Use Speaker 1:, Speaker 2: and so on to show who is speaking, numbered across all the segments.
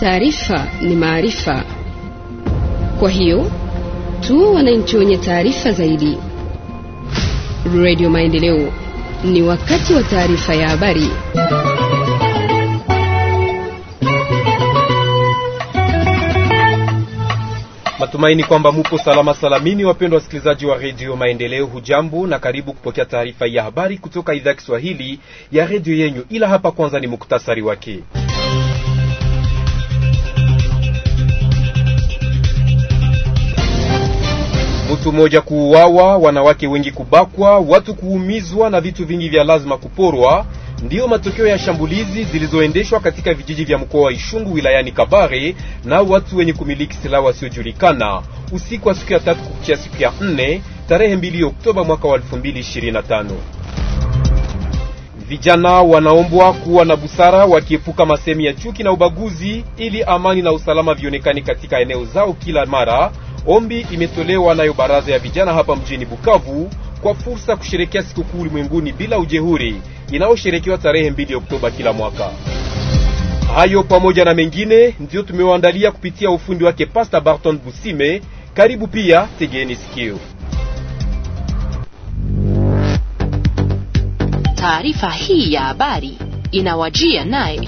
Speaker 1: Taarifa ni maarifa, kwa hiyo tu wananchi wenye taarifa zaidi. Radio Maendeleo, ni wakati wa taarifa ya habari.
Speaker 2: Matumaini kwamba mupo salama salamini, wapendwa wasikilizaji wa redio Maendeleo, hujambo na karibu kupokea taarifa ya habari kutoka idhaa ya Kiswahili ya redio yenyu. Ila hapa kwanza ni muktasari wake. mtu mmoja kuuawa, wanawake wengi kubakwa, watu kuumizwa na vitu vingi vya lazima kuporwa, ndiyo matokeo ya shambulizi zilizoendeshwa katika vijiji vya mkoa wa Ishungu wilayani Kabare na watu wenye kumiliki silaha wasiojulikana usiku wa siku ya tatu kukia siku ya nne tarehe 2 Oktoba mwaka wa 2025. Vijana wanaombwa kuwa na busara wakiepuka masemi ya chuki na ubaguzi ili amani na usalama vionekane katika eneo zao kila mara Ombi imetolewa nayo baraza ya vijana hapa mjini Bukavu kwa fursa kusherekea sikukuu ulimwenguni bila ujehuri inayosherekewa tarehe 2 Oktoba kila mwaka. Hayo pamoja na mengine ndiyo tumewaandalia kupitia ufundi wake Pasta Barton Busime. Karibu pia, tegeni sikio.
Speaker 1: Taarifa hii ya habari inawajia naye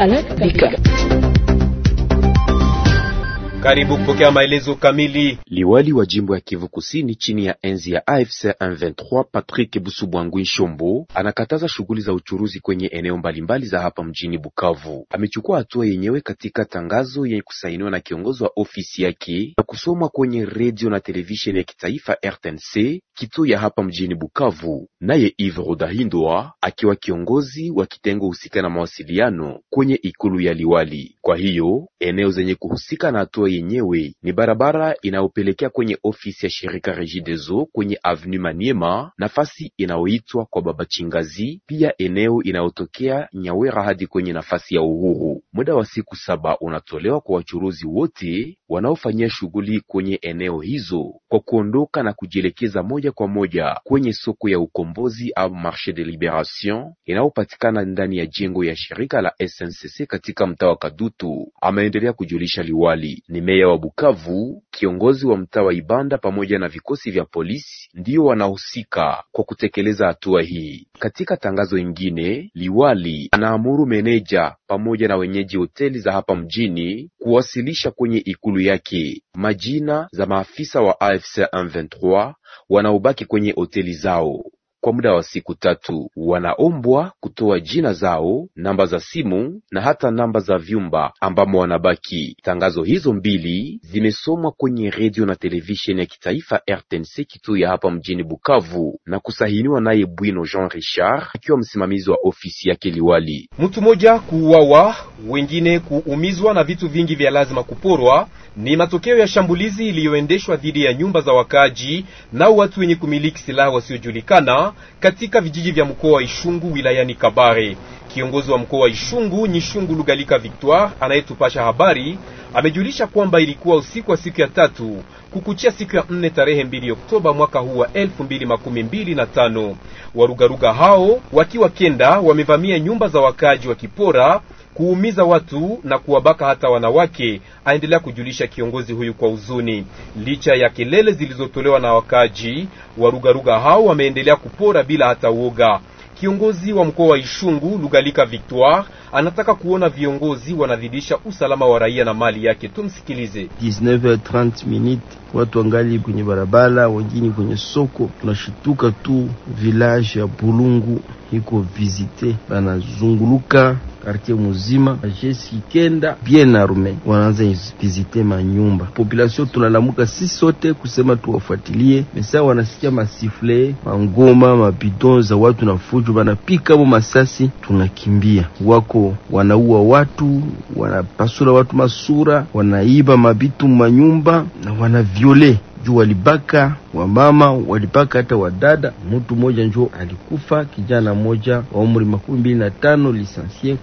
Speaker 2: karibu kupokea maelezo kamili. Liwali wa jimbo ya Kivu Kusini chini ya enzi ya AFC M23 Patrick Busubwangwi Shombo anakataza shughuli za uchuruzi kwenye eneo mbalimbali za hapa mjini Bukavu. Amechukua hatua yenyewe katika tangazo yenye kusainiwa na kiongozi wa ofisi yake na kusomwa kwenye redio na televisheni ya kitaifa RTNC kituo ya hapa mjini Bukavu. Naye Yves Rodahindwa akiwa kiongozi wa kitengo husika na mawasiliano kwenye ikulu ya liwali. Kwa hiyo eneo zenye kuhusika na hatua yenyewe ni barabara inayopelekea kwenye ofisi ya shirika Regideso kwenye Avenue Maniema, nafasi inayoitwa kwa Baba Chingazi, pia eneo inayotokea Nyawera hadi kwenye nafasi ya Uhuru. Muda wa siku saba unatolewa kwa wachuruzi wote wanaofanyia shughuli kwenye eneo hizo kwa kuondoka na kujielekeza moja kwa moja kwenye soko ya ukombozi au Marche de Liberation inayopatikana ndani ya jengo ya shirika la SNCC katika mtaa wa Kadutu, ameendelea kujulisha liwali. Ni meya wa Bukavu, kiongozi wa mtaa wa Ibanda pamoja na vikosi vya polisi ndiyo wanahusika kwa kutekeleza hatua hii. Katika tangazo ingine, liwali anaamuru meneja pamoja na wenyeji hoteli za hapa mjini kuwasilisha kwenye ikulu juu yake majina za maafisa wa AFC M23 wanaobaki kwenye hoteli zao. Kwa muda wa siku tatu wanaombwa kutoa jina zao, namba za simu na hata namba za vyumba ambamo wanabaki. Tangazo hizo mbili zimesomwa kwenye redio na televisheni ya kitaifa RTNC Kituya hapa mjini Bukavu na kusahiniwa naye Bwino Jean Richard akiwa msimamizi wa ofisi yake liwali. Mtu mmoja kuuawa, wengine kuumizwa na vitu vingi vya lazima kuporwa ni matokeo ya shambulizi iliyoendeshwa dhidi ya nyumba za wakaaji nao watu wenye kumiliki silaha wasiojulikana katika vijiji vya mkoa wa Ishungu wilayani Kabare. Kiongozi wa mkoa wa Ishungu Shungu Lugalika Victoire anayetupasha habari amejulisha kwamba ilikuwa usiku wa siku ya tatu kukuchia siku ya nne tarehe mbili Oktoba mwaka huu wa elfu mbili makumi mbili na tano warugaruga hao wakiwa kenda wamevamia nyumba za wakaaji wa kipora kuumiza watu na kuwabaka hata wanawake, aendelea kujulisha kiongozi huyu kwa huzuni. Licha ya kelele zilizotolewa na wakaji, warugaruga hao wameendelea kupora bila hata uoga. Kiongozi wa mkoa wa Ishungu Lugalika Victoire anataka kuona viongozi wanadhidisha usalama wa raia na mali yake.
Speaker 3: Tumsikilize. 19:30 minute watu wangali kwenye barabara, wengine kwenye soko. Tunashituka tu village ya Bulungu iko visite, banazunguluka kartier muzima jeshi ikenda bien arme, wanaanza vizite manyumba. Population tunalamuka si sote kusema tuwafuatilie mesa, wanasikia masifle mangoma mabidon za watu na fujo, banapika mo masasi, tunakimbia. Wako wanaua watu, wanapasula watu masura, wanaiba mabitu manyumba na wanaviole juu walibaka wamama walipaka hata wadada. Mtu mmoja njo alikufa, kijana mmoja wa umri makumi mbili na tano lisansie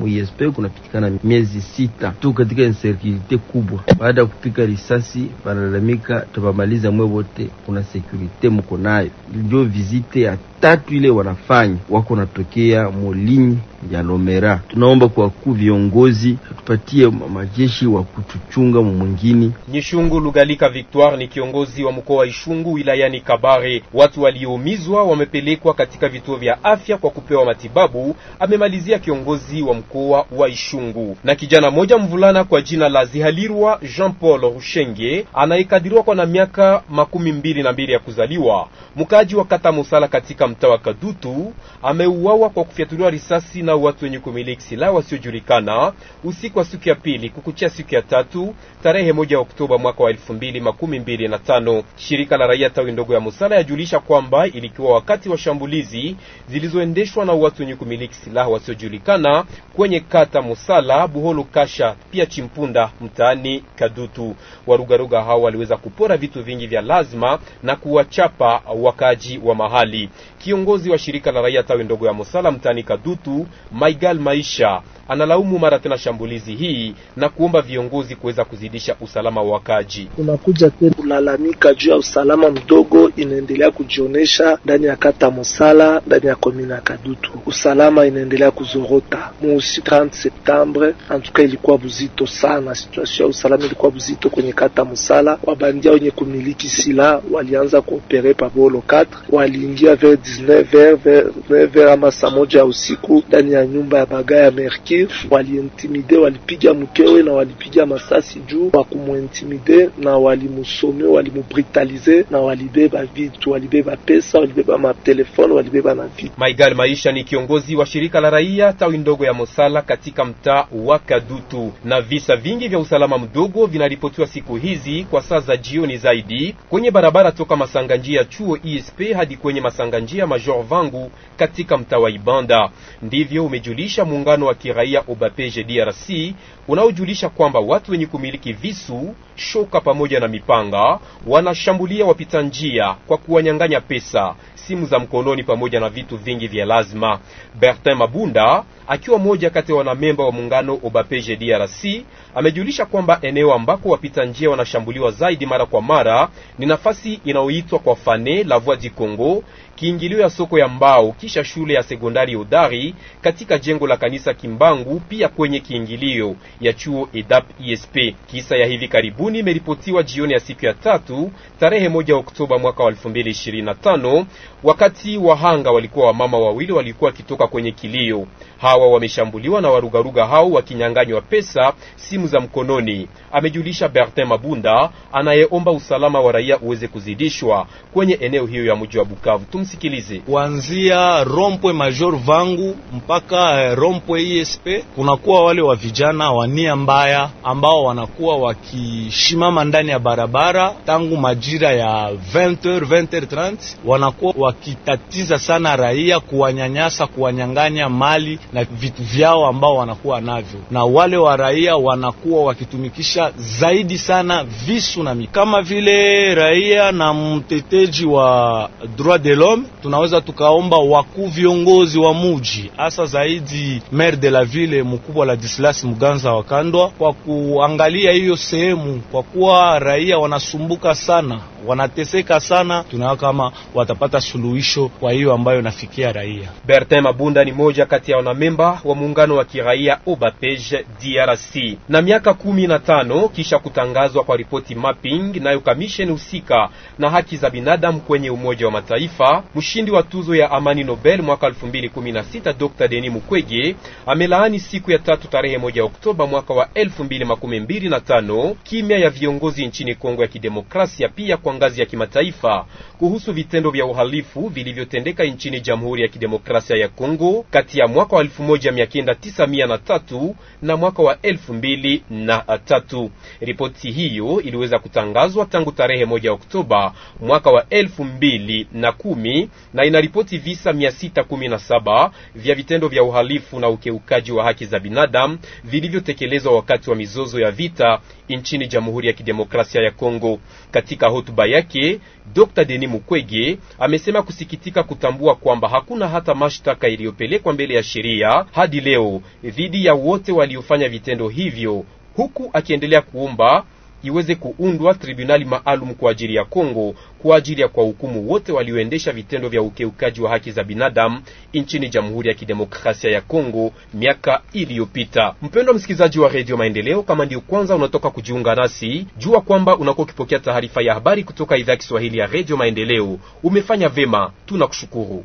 Speaker 3: muespe kunapitikana miezi sita tu katika insekurite kubwa. Baada ya kupika risasi banalalamika, tubamaliza mwe wote, kuna sekurite mko nayo. njo vizite ya tatu ile wanafanya wako natokea molini ya Lomera. Tunaomba kwa wakuu viongozi tupatie majeshi wa kutuchunga mwingine.
Speaker 2: Jishungu Lugalika Victoire ni kiongozi wa mkoa Bashungu wilayani Kabare. Watu walioumizwa wamepelekwa katika vituo vya afya kwa kupewa matibabu, amemalizia kiongozi wa mkoa wa Ishungu. Na kijana moja mvulana kwa jina la Zihalirwa Jean Paul Rushenge anayekadiriwa kwa na miaka makumi mbili na mbili ya kuzaliwa, mkaaji wa kata Musala katika mtaa wa Kadutu, ameuawa kwa kufyatuliwa risasi na watu wenye kumiliki silaha wasiojulikana usiku wa siku ya pili kukuchia siku ya tatu tarehe moja Oktoba mwaka wa elfu mbili makumi mbili na tano. Shirika shirika la raia tawi ndogo ya Musala yajulisha kwamba ilikuwa wakati wa shambulizi zilizoendeshwa na watu wenye kumiliki silaha wasiojulikana kwenye kata Musala, Buholo, Kasha pia Chimpunda mtaani Kadutu. Warugaruga hao waliweza kupora vitu vingi vya lazima na kuwachapa wakaaji wa mahali. Kiongozi wa shirika la raia tawi ndogo ya Musala mtaani Kadutu, Maigal Maisha, analaumu mara tena shambulizi hii na kuomba viongozi kuweza kuzidisha usalama wa wakaaji.
Speaker 3: Tunakuja tena kulalamika juu ya usalama usalama mdogo inaendelea kujionesha ndani ya kata Mosala, ndani ya komina ya Kadutu. Usalama inaendelea kuzorota. Mwezi 30 Septembre antuka ilikuwa buzito sana, situation ya usalama ilikuwa buzito kwenye kata Mosala. Wabandia wenye kumiliki sila walianza kuopere pabolo 4 waliingia vers 19h ama saa moja ya usiku ndani ya nyumba ya baga ya Mercure, waliintimide, walipiga mkewe na walipiga masasi juu wa kumwintimide na walimusome, walimubritalize wote na walibeba vitu, walibeba pesa, walibeba matelefoni, walibeba na vitu.
Speaker 2: Maigal Maisha ni kiongozi wa shirika la raia tawi ndogo ya Mosala katika mtaa wa Kadutu. Na visa vingi vya usalama mdogo vinaripotiwa siku hizi kwa saa za jioni zaidi kwenye barabara toka Masanganjia ya chuo ISP hadi kwenye masanganjia Major Vangu katika mtaa wa Ibanda. Ndivyo umejulisha muungano wa kiraia Obapeje DRC unaojulisha kwamba watu wenye kumiliki visu, shoka pamoja na mipanga wanashambulia wapita njia kwa kuwanyang'anya pesa, simu za mkononi pamoja na vitu vingi vya lazima. Bertin Mabunda akiwa mmoja kati ya wanamemba wa muungano Obapeje DRC amejulisha kwamba eneo ambako wapita njia wanashambuliwa zaidi mara kwa mara ni nafasi inayoitwa kwa fane la Voie du Congo, kiingilio ya soko ya mbao kisha shule ya sekondari Odari katika jengo la kanisa Kimbangu, pia kwenye kiingilio ya chuo EDAP ESP. Kisa ya hivi karibuni imeripotiwa jioni ya siku ya tatu tarehe moja Oktoba mwaka wa 2025 wakati wahanga walikuwa wamama wawili walikuwa wakitoka kwenye kilio. Hawa hawa wameshambuliwa na warugaruga hao wakinyang'anywa pesa, simu za mkononi, amejulisha Bertin Mabunda anayeomba usalama wa raia uweze kuzidishwa kwenye eneo hiyo ya mji wa Bukavu. Tumsikilize. kuanzia rompwe Major Vangu mpaka eh, rompwe ISP kunakuwa wale wa vijana wa nia mbaya ambao wanakuwa wakishimama ndani ya barabara tangu majira ya 20h 20h30
Speaker 4: wanakuwa wakitatiza sana raia, kuwanyanyasa, kuwanyang'anya mali na na vitu vyao ambao wanakuwa navyo, na wale wa raia wanakuwa wakitumikisha
Speaker 3: zaidi sana visu na mikono. Kama vile raia na mteteji wa droit de l'homme, tunaweza tukaomba wakuu viongozi wa muji, hasa zaidi
Speaker 2: maire de la ville mkubwa la Dislas Muganza kandwa kwa kuangalia hiyo
Speaker 3: sehemu, kwa kuwa raia wanasumbuka sana wanateseka sana, tunaona kama watapata suluhisho kwa hiyo ambayo nafikia raia.
Speaker 2: Bertin Mabunda ni moja kati ya wanamemba wa muungano wa kiraia Obapege DRC. Na miaka kumi na tano kisha kutangazwa kwa ripoti mapping nayo kamisheni husika na haki za binadamu kwenye Umoja wa Mataifa, mshindi wa tuzo ya amani Nobel mwaka 2016 Dr. Denis Mukwege amelaani siku ya tatu tarehe moja Oktoba mwaka wa 2025 kimya ya viongozi nchini Kongo ya Kidemokrasia pia kwa kwa ngazi ya kimataifa kuhusu vitendo vya uhalifu vilivyotendeka nchini Jamhuri ya Kidemokrasia ya Kongo kati ya mwaka wa 1993 na mwaka wa 2003. Ripoti hiyo iliweza kutangazwa tangu tarehe 1 Oktoba mwaka wa 2010 na inaripoti visa 617 vya vitendo vya uhalifu na ukeukaji wa haki za binadamu vilivyotekelezwa wakati wa mizozo ya vita nchini Jamhuri ya Kidemokrasia ya Kongo. Katika hotuba hotuba yake Dr. Denis Mukwege amesema kusikitika kutambua kwamba hakuna hata mashtaka iliyopelekwa mbele ya sheria hadi leo dhidi ya wote waliofanya vitendo hivyo, huku akiendelea kuomba iweze kuundwa tribunali maalum kwa ajili ya Kongo kwa ajili ya hukumu wote walioendesha vitendo vya ukiukaji wa haki za binadamu nchini Jamhuri ya Kidemokrasia ya Kongo miaka iliyopita. Mpendwa msikilizaji wa Redio Maendeleo, kama ndio kwanza unatoka kujiunga nasi, jua kwamba unakuwa ukipokea taarifa ya habari kutoka idhaa ya Kiswahili ya Redio Maendeleo. Umefanya vema, tunakushukuru.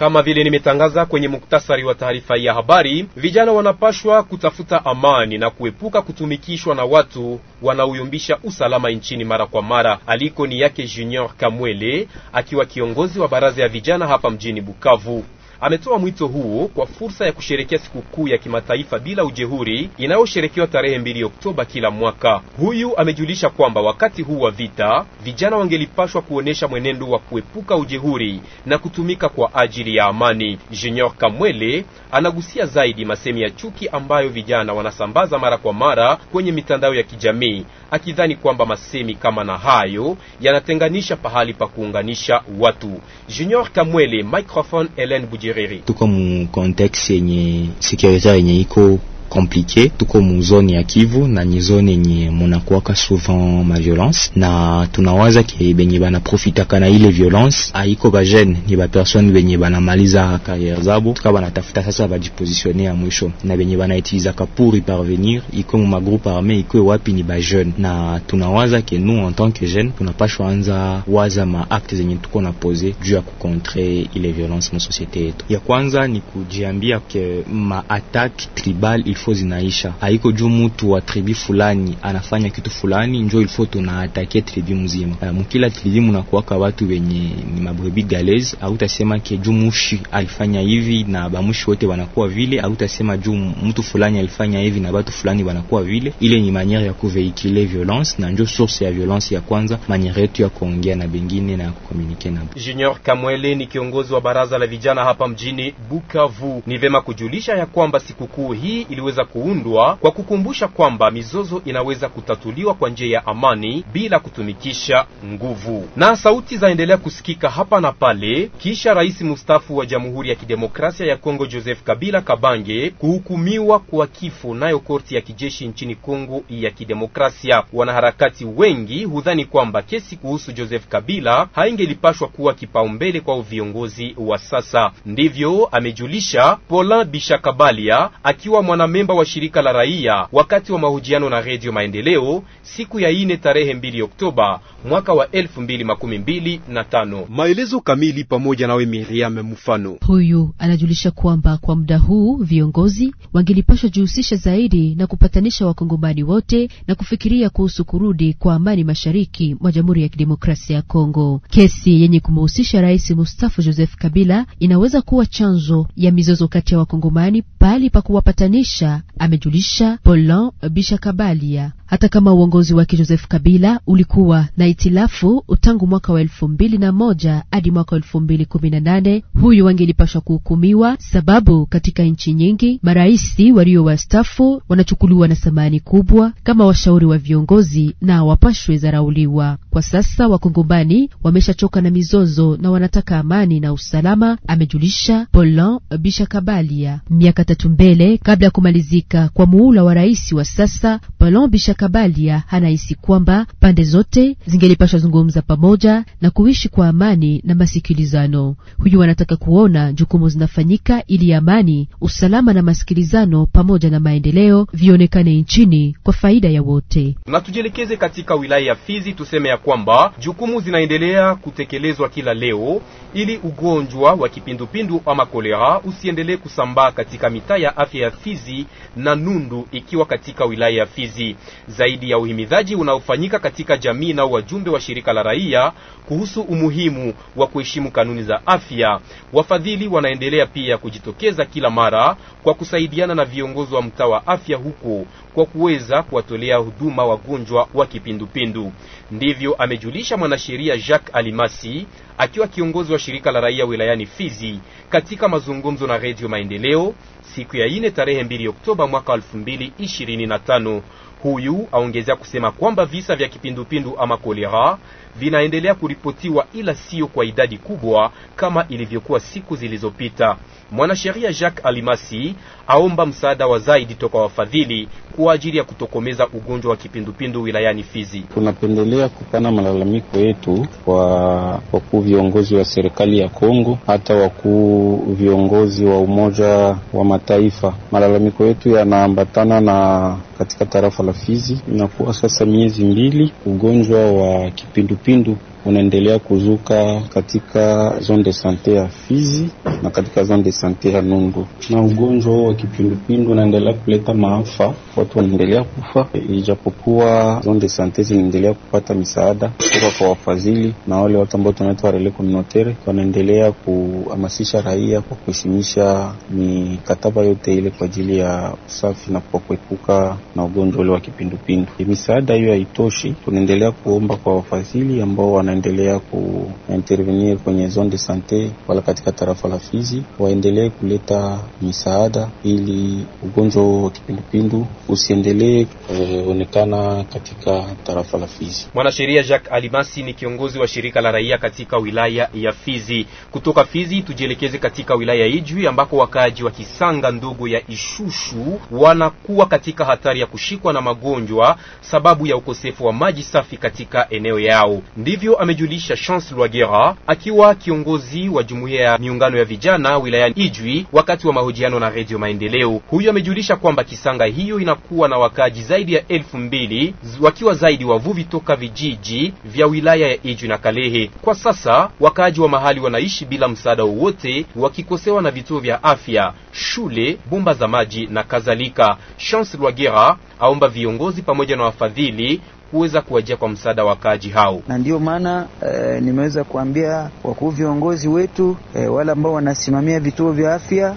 Speaker 2: kama vile nimetangaza kwenye muktasari wa taarifa ya habari, vijana wanapashwa kutafuta amani na kuepuka kutumikishwa na watu wanaoyumbisha usalama nchini mara kwa mara. Aliko ni yake Junior Kamwele akiwa kiongozi wa baraza ya vijana hapa mjini Bukavu ametoa mwito huu kwa fursa ya kusherekea sikukuu ya kimataifa bila ujehuri inayosherekewa tarehe 2 Oktoba kila mwaka. Huyu amejulisha kwamba wakati huu wa vita vijana wangelipashwa kuonyesha mwenendo wa kuepuka ujehuri na kutumika kwa ajili ya amani. Junior Kamwele anagusia zaidi masemi ya chuki ambayo vijana wanasambaza mara kwa mara kwenye mitandao ya kijamii, akidhani kwamba masemi kama na hayo yanatenganisha pahali pa kuunganisha watu. Junior Kamwele, microphone Ellen Buji Kiriri.
Speaker 4: Tuko mu context yenye security yenye iko komplike. Tuko muzoni ya Kivu na ni zone yenye munakuwaka souvent ma violence, na tunawaza ke benye banaprofitaka na ile violence aiko ba jeune, ni ba personne benye banamaliza carrière zabo tuka banatafuta sasa bajipositione ya mwisho, na benye banaitilizaka pour y parvenir ikuwe mu magroupe arme ikuwe wapi, ni ba jeune, na tunawaza ke nous en tant que jeune tunapashwa anza waza ma acte zenye tuko na pose juu ya kukontre ile violence mu societe yetu. Ya kwanza ni kujiambia ke ma attaque tribal ilfo zinaisha. Haiko juu mutu wa tribi fulani anafanya kitu fulani njo ilfo tunaatake tribi mzima. Uh, eh, mukila tribi munakuwaka watu wenye ni mabrebi galez, au tasema ke juu mushi alifanya hivi na bamushi wote wanakuwa vile, au tasema juu mtu fulani alifanya hivi na batu fulani wanakuwa vile. Ile ni maniere ya kuveikile violence na njo source ya violence ya kwanza, maniere yetu ya kuongea na bengine na kukomunike nabo.
Speaker 2: Junior Kamwele ni kiongozi wa baraza la vijana hapa mjini Bukavu. Ni vema kujulisha ya kwamba sikukuu hii ili inaweza kuundwa kwa kukumbusha kwamba mizozo inaweza kutatuliwa kwa njia ya amani bila kutumikisha nguvu. Na sauti zaendelea kusikika hapa na pale kisha rais mustafu wa Jamhuri ya Kidemokrasia ya Kongo Joseph Kabila Kabange kuhukumiwa kwa kifo nayo korti ya kijeshi nchini Kongo ya Kidemokrasia. Wanaharakati wengi hudhani kwamba kesi kuhusu Joseph Kabila haingelipashwa kuwa kipaumbele kwa viongozi wa sasa. Ndivyo amejulisha Polin Bishakabalia akiwa mwana wanamemba wa shirika la raia wakati wa mahojiano na Redio Maendeleo siku ya ine tarehe 2 Oktoba mwaka wa 2025. Maelezo kamili pamoja nawe Miriam Mfano.
Speaker 1: Huyu anajulisha kwamba kwa muda huu viongozi wangelipashwa jihusisha zaidi na kupatanisha wakongomani wote na kufikiria kuhusu kurudi kwa amani mashariki mwa Jamhuri ya Kidemokrasia ya Kongo. Kesi yenye kumhusisha Rais Mustafa Joseph Kabila inaweza kuwa chanzo ya mizozo kati ya wakongomani pahali pa kuwapatanisha amejulisha Polon Bishakabalia hata kama uongozi wake Joseph Kabila ulikuwa na itilafu tangu mwaka wa elfu mbili na moja hadi mwaka wa elfu mbili kumi na nane huyu wangelipashwa kuhukumiwa, sababu katika nchi nyingi maraisi walio wastafu wanachukuliwa na thamani kubwa kama washauri wa viongozi na wapashwe zarauliwa. Kwa sasa Wakongombani wameshachoka na mizozo na wanataka amani na usalama, amejulisha Polan Bishakabalia miaka tatu mbele kabla ya kumalizika kwa muula wa rais wa sasa Polan Bishakabalia Kabalia anahisi kwamba pande zote zingelipasha zungumza pamoja na kuishi kwa amani na masikilizano. Huyu anataka kuona jukumu zinafanyika ili amani, usalama na masikilizano pamoja na maendeleo vionekane nchini kwa faida ya wote.
Speaker 2: Na tujielekeze katika wilaya ya Fizi, tuseme ya kwamba jukumu zinaendelea kutekelezwa kila leo ili ugonjwa wa kipindupindu ama kolera usiendelee kusambaa katika mitaa ya afya ya Fizi na Nundu ikiwa katika wilaya ya Fizi zaidi ya uhimidhaji unaofanyika katika jamii na wajumbe wa shirika la raia kuhusu umuhimu wa kuheshimu kanuni za afya. Wafadhili wanaendelea pia kujitokeza kila mara kwa kusaidiana na viongozi wa mtaa wa afya huko kwa kuweza kuwatolea huduma wagonjwa wa kipindupindu. Ndivyo amejulisha mwanasheria Jacques Alimasi akiwa kiongozi wa shirika la raia wilayani Fizi katika mazungumzo na Redio Maendeleo siku ya ine tarehe 2 Oktoba mwaka 2025. Huyu aongezea kusema kwamba visa vya kipindupindu ama kolera vinaendelea kuripotiwa, ila sio kwa idadi kubwa kama ilivyokuwa siku zilizopita. Mwanasheria Jacques Alimasi aomba msaada wa zaidi toka wafadhili kwa ajili ya kutokomeza ugonjwa wa kipindupindu wilayani Fizi. Tunapendelea
Speaker 5: kupana malalamiko yetu kwa wakuu viongozi wa serikali ya Kongo, hata wakuu viongozi wa Umoja wa Mataifa. Malalamiko yetu yanaambatana na katika tarafa la Fizi, inakuwa sasa miezi mbili ugonjwa wa kipindu entupindo unaendelea kuzuka katika zone de sante ya Fizi na katika zone de sante ya Nungu, na ugonjwa huo wa kipindupindu unaendelea kuleta maafa, watu wanaendelea kufa, ijapokuwa zone de sante zinaendelea kupata misaada kutoka kwa wafadhili na wale watu ambao tunaitwa relais communautaire, wanaendelea kuhamasisha raia kwa kuheshimisha mikataba yote ile kwa ajili ya usafi na kwa kuepuka na ugonjwa ule wa kipindupindu. Misaada hiyo haitoshi, tunaendelea kuomba kwa wafadhili ambao wana wanaendelea kuintervenir kwenye zone de sante wala katika tarafa la Fizi, waendelee kuleta misaada ili ugonjwa wa kipindupindu usiendelee kuonekana katika tarafa la Fizi.
Speaker 2: Mwanasheria Jacques Alimasi ni kiongozi wa shirika la raia katika wilaya ya Fizi. Kutoka Fizi tujielekeze katika wilaya Ijwi ambako wakaaji wa Kisanga ndogo ya Ishushu wanakuwa katika hatari ya kushikwa na magonjwa sababu ya ukosefu wa maji safi katika eneo yao. Ndivyo amejulisha Chance Lwagera akiwa kiongozi wa jumuiya ya miungano ya vijana wilayani Ijwi wakati wa mahojiano na Radio Maendeleo. Huyu amejulisha kwamba kisanga hiyo inakuwa na wakaaji zaidi ya elfu mbili wakiwa zaidi wavuvi toka vijiji vya wilaya ya Ijwi na Kalehe. Kwa sasa wakaaji wa mahali wanaishi bila msaada wowote, wakikosewa na vituo vya afya, shule, bomba za maji na kadhalika. Chance Lwagera aomba viongozi pamoja na wafadhili kuweza kuwajia kwa msaada kaji hao,
Speaker 6: na ndiyo maana e, nimeweza kuambia wakuu viongozi wetu e, wale ambao wanasimamia vituo vya afya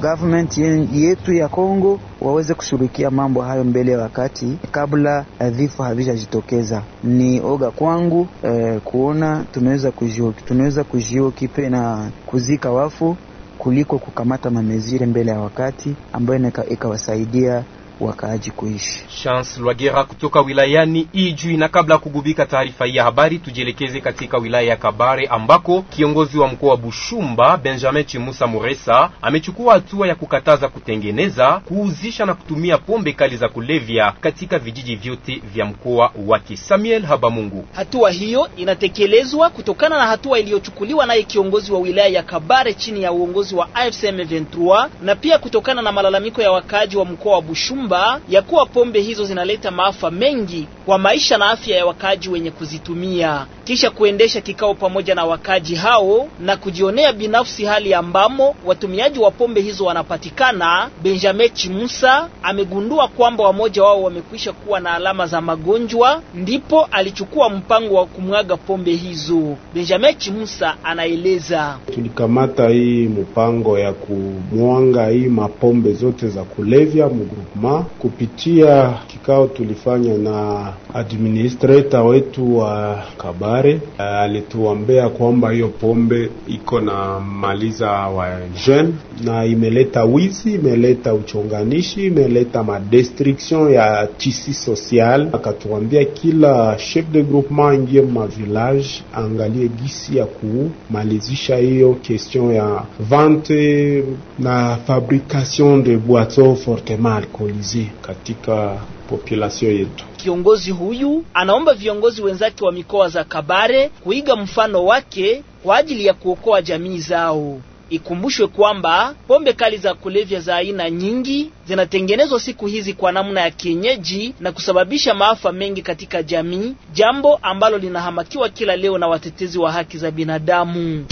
Speaker 6: government yetu ya Kongo waweze kushughulikia mambo hayo mbele ya wakati kabla eh, vifo havijajitokeza. Ni oga kwangu e, kuona tunaweza kujio, tunaweza kujio kipe na kuzika wafu kuliko kukamata mamezire mbele ya wakati ambayo ikawasaidia wakaaji kuishi.
Speaker 2: Chance Lwagera kutoka wilayani Ijwi. Na kabla ya kugubika taarifa hii ya habari, tujielekeze katika wilaya ya Kabare ambako kiongozi wa mkoa wa Bushumba Benjamin Chimusa Muresa amechukua hatua ya kukataza kutengeneza, kuuzisha na kutumia pombe kali za kulevya katika vijiji vyote vya mkoa wake. Samuel Habamungu.
Speaker 6: Hatua hiyo inatekelezwa kutokana na hatua iliyochukuliwa naye kiongozi wa wilaya ya Kabare chini ya uongozi wa AFC M23 na pia kutokana na malalamiko ya wakaaji wa mkoa wa Bushumba kwamba ya kuwa pombe hizo zinaleta maafa mengi kwa maisha na afya ya wakaaji wenye kuzitumia kisha kuendesha kikao pamoja na wakaji hao na kujionea binafsi hali ambamo watumiaji wa pombe hizo wanapatikana. Benjamin Chimusa amegundua kwamba wamoja wao wamekwisha kuwa na alama za magonjwa, ndipo alichukua mpango wa kumwaga pombe hizo. Benjamin Chimusa anaeleza:
Speaker 5: tulikamata hii mpango ya kumwanga hii mapombe zote za kulevya mgrupma kupitia kikao tulifanya na administrator wetu wa Kabari Kabare eh, alituombea kwamba hiyo pombe iko na maliza wa jeune na imeleta wizi, imeleta uchonganishi, imeleta madestruction ya tisi social. Akatuambia kila chef de groupement ingie ma village angalie gisi ya kumalizisha hiyo question ya vente na fabrication de boiteaux fortement alcoolisés katika population yetu.
Speaker 6: Kiongozi huyu anaomba viongozi wenzake wa mikoa za Kabare kuiga mfano wake kwa ajili ya kuokoa jamii zao. Ikumbushwe kwamba pombe kali za kulevya za aina nyingi zinatengenezwa siku hizi kwa namna ya kienyeji na kusababisha maafa mengi katika jamii, jambo ambalo linahamakiwa kila leo na watetezi wa haki za binadamu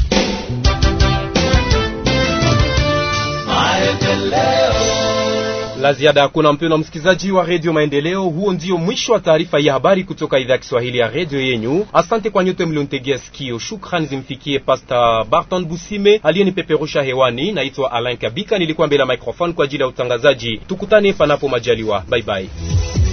Speaker 2: la ziada hakuna, mpendwa msikilizaji wa redio Maendeleo, huo ndio mwisho wa taarifa ya habari kutoka idhaa ya Kiswahili ya redio yenyu. Asante kwa nyote mliontegea sikio. Shukrani zimfikie Pastor Barton Busime aliyenipeperusha hewani. Naitwa Alain Kabika, nilikuwa mbele ya microphone kwa ajili ya utangazaji. Tukutane panapo majaliwa, bye bye.